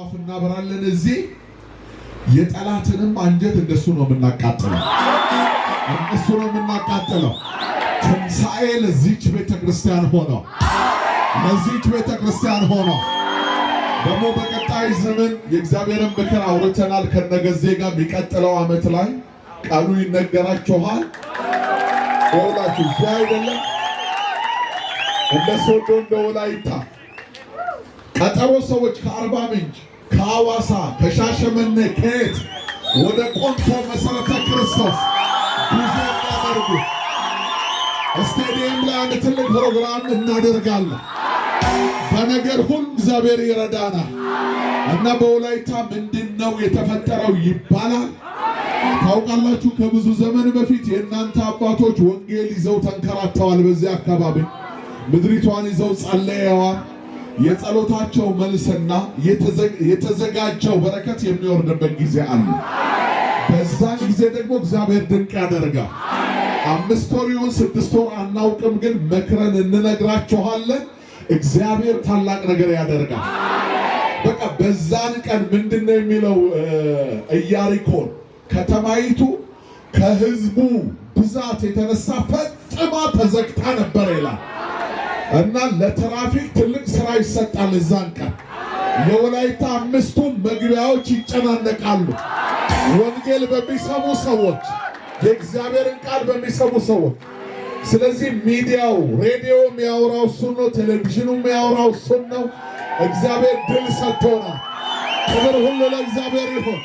ጧፍ እናበራለን። እዚህ የጠላትንም አንጀት እንደሱ ነው የምናቃጥለው፣ እነሱ ነው የምናቃጥለው። ትንሣኤ ለዚች ቤተክርስቲያን ሆነው ለዚች ቤተክርስቲያን ሆነው ደግሞ በቀጣይ ዘመን የእግዚአብሔርን ምክር አውርተናል። ከነገዜ ጋር የሚቀጥለው ዓመት ላይ ቃሉ ይነገራችኋል። ደውላችሁ እዚህ አይደለም እንደ ሶዶ እንደ ወላይታ ቀጠሮ ሰዎች ከአርባ ምንጭ፣ ከአዋሳ፣ ከሻሸመኔ ከየት ወደ ቆንቶ መሰረተ ክርስቶስ ጉዞ ያደርጉ። ስታዲየም ላይ አንድ ትልቅ ፕሮግራም እናደርጋለን። በነገር ሁሉ እግዚአብሔር ይረዳናል እና በወላይታ ምንድን ነው የተፈጠረው ይባላል። ታውቃላችሁ ከብዙ ዘመን በፊት የእናንተ አባቶች ወንጌል ይዘው ተንከራተዋል። በዚያ አካባቢ ምድሪቷን ይዘው ጸለየዋል። የጸሎታቸው መልስና የተዘጋጀው በረከት የሚወርድበት ጊዜ አለ። በዛን ጊዜ ደግሞ እግዚአብሔር ድንቅ ያደርጋል። አምስት ወር ይሁን ስድስት ወር አናውቅም፣ ግን መክረን እንነግራችኋለን። እግዚአብሔር ታላቅ ነገር ያደርጋል። በቃ በዛን ቀን ምንድን ነው የሚለው ኢያሪኮን ከተማይቱ ከህዝቡ ብዛት የተነሳ ፈጥማ ተዘግታ ነበር ይላል። እና ለትራፊክ ትልቅ ስራ ይሰጣል። እዛን ቀን የወላይታ አምስቱን መግቢያዎች ይጨናነቃሉ። ወንጌል በሚሰሙ ሰዎች፣ የእግዚአብሔርን ቃል በሚሰሙ ሰዎች። ስለዚህ ሚዲያው ሬዲዮ የሚያወራው እሱን ነው። ቴሌቪዥኑ የሚያወራው እሱን ነው። እግዚአብሔር ድል ሰጥቶናል። ክብር ሁሉ ለእግዚአብሔር ይሁን።